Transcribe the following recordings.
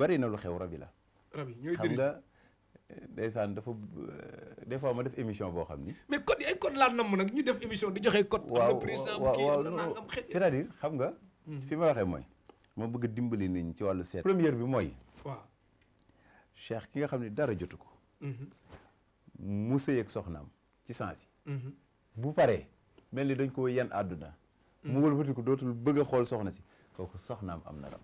bari na lu xew rabi la. rabi ñooy xam nga ndeysaan dafa des fois ma def émission boo xam ni. mais code yi ay code laa namm nag ñu def émission di joxe code. waaw waaw waaw xam nga. Mhm. fi ma waxee mooy. ma bëgg dimbali nit ñi ci wàllu seet. première bi mooy. waaw. ki nga xam ne dara jotu ko. Mhm. mu sëy ak soxnaam ci sens yi. Mhm. bu paree mel ni dañ ko yenn àdduna. mu wëlbati ko dootul bëgg xool soxna si kooku soxnaam am na ram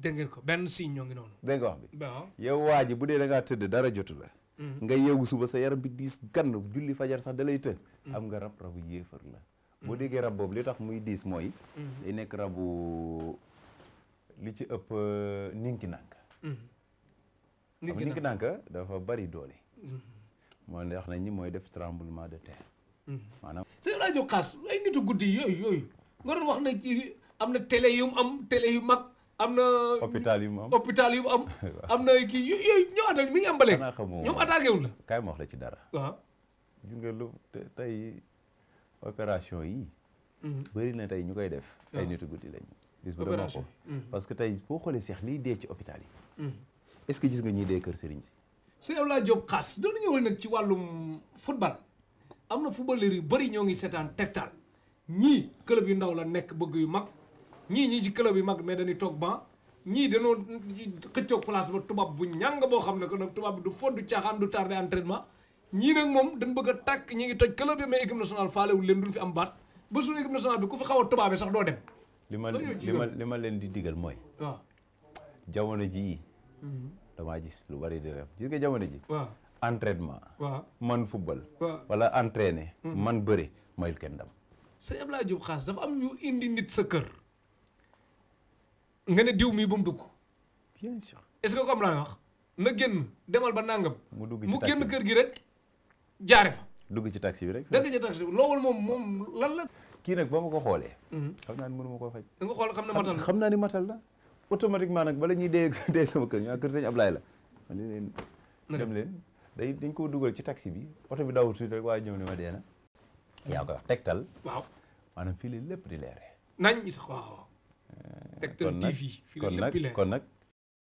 dégg ngeen ko benn signe ñoo ngi noonu. dégg nga wax bi yow waa bu dee da ngaa tëdd dara jotu la. Mm-hmm. nga yeewu suba sa yaram bi diis gann julli fajar sax da lay të. Mm-hmm. am nga rab rabu yéefar la. Mm-hmm. boo déggee rab boobu li tax muy diis mooy. day nekk rabu li ci ëpp euh, ninki nanka. ninki nanka dafa bari doole. moo wax na ñi mooy def tremblement de terre. maanaam. sëñ Laajo Xaas ay nitu guddi yooyu yooyu nga doon wax na am na télé yu mag. am na hôpital yu mu am hôpital yu mu am. am na kii yooyu ñëwaatal mi ngi am ba léegi. xanaa xamoo ñoom attaqué wul la. kaay ma wax la ci dara. waaw gis nga lu tey opération yi. Mhm. bëri na tey ñu koy def. ay nitu guddi lañu. gis bu dama ko mhm. parce que tey boo xoolee seex liy dee ci hôpital yi. Mhm. est-ce gis nga ñuy dee kër sëriñ si. sëñ Abdoulaye Diop xaas doon ñëwal nag ci wàllum football am na footballeur yu bari ñoo ngi seetaan tegtal ñii club yu ndaw la nekk bëgg yu mag. ñii ñii ci club yi mag mais dañuy toog ban ñii dañoo xëccoog place ba tubaab bu ñàng boo xam ne ko nag tubaab bi du foddu caaxaan du tardé entraînement ñii nag moom dañ bëgg a tàkk ñi ngi toj club yi mais équipe nationale faalewul leen duñ fi am baat ba suñu équipe nationale bi ku fi a tubaabee sax li ma li ma li ma leen di digal mooy waaw jamono ji mhm. damaa gis lu bari di ref gis nga jamono ji waaw entraînement waaw man football wala entraîner mhm. man bëre mayul kenn dam sa Abdoulaye Diop Khass dafa am ñu indi nit sa kër nga ne diw mii ba mu dugg. bien sûr est-ce que comme laa wax na génn demal ba nàngam. mu dugg ci taxi mu kër gi rek jaare fa. dugg ci taxi bi rek. dugg ci taxi bi loolu moom moom lan la. kii nag ba ma ko xoolee. Mhm. xam naa ni mënu ma koo faj. da xool xam ne matal la xam naa ni matal la automatiquement nag bala ñuy dee dee sama kër ñu waa kër sëñ Ablaye la. ma ne dem leen day dañ koo dugal ci taxi bi oto bi dawul tuuti rek waaye ñëw ne ma dee na. yaa ko wax tegtal. waaw maanaam fii la lépp di leeree. nañ sax waaw. Tektal TV. fii la lépp kon nag kon nag